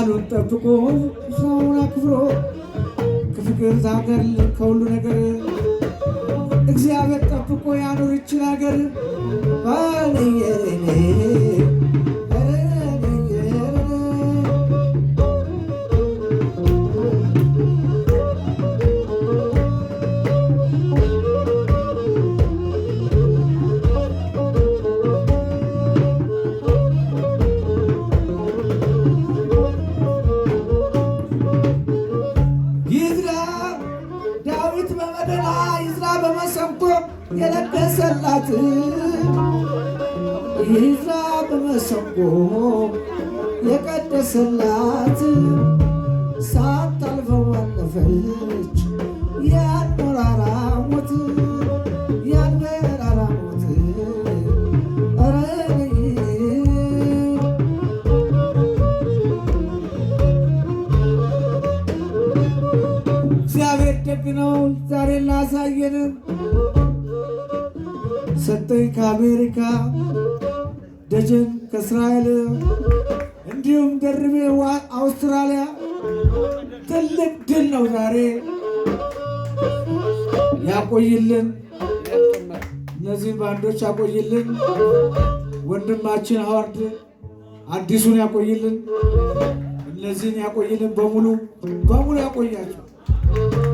ቃሉን ጠብቆ ሰውን አክብሮ ከፍቅር ዛገር ከሁሉ ነገር እግዚአብሔር ጠብቆ ያኖር ሀገር ዳዊት በበደላ ይዝራ በመሰንቆ የለገሰላት ይዝራ በመሰንቆ የቀደሰላት ሳታልፈው አለፈች ያ እግዚአብሔር ደግ ነው። ዛሬ ላሳየንም ሰጠኝ ከአሜሪካ ደጀን ከእስራኤል እንዲሁም ደርቤ አውስትራሊያ ትልቅ ድል ነው ዛሬ ያቆይልን። እነዚህ ባንዶች ያቆይልን። ወንድማችን ሀዋርድ አዲሱን ያቆይልን። እነዚህን ያቆይልን። በሙሉ በሙሉ ያቆያቸው። Oh.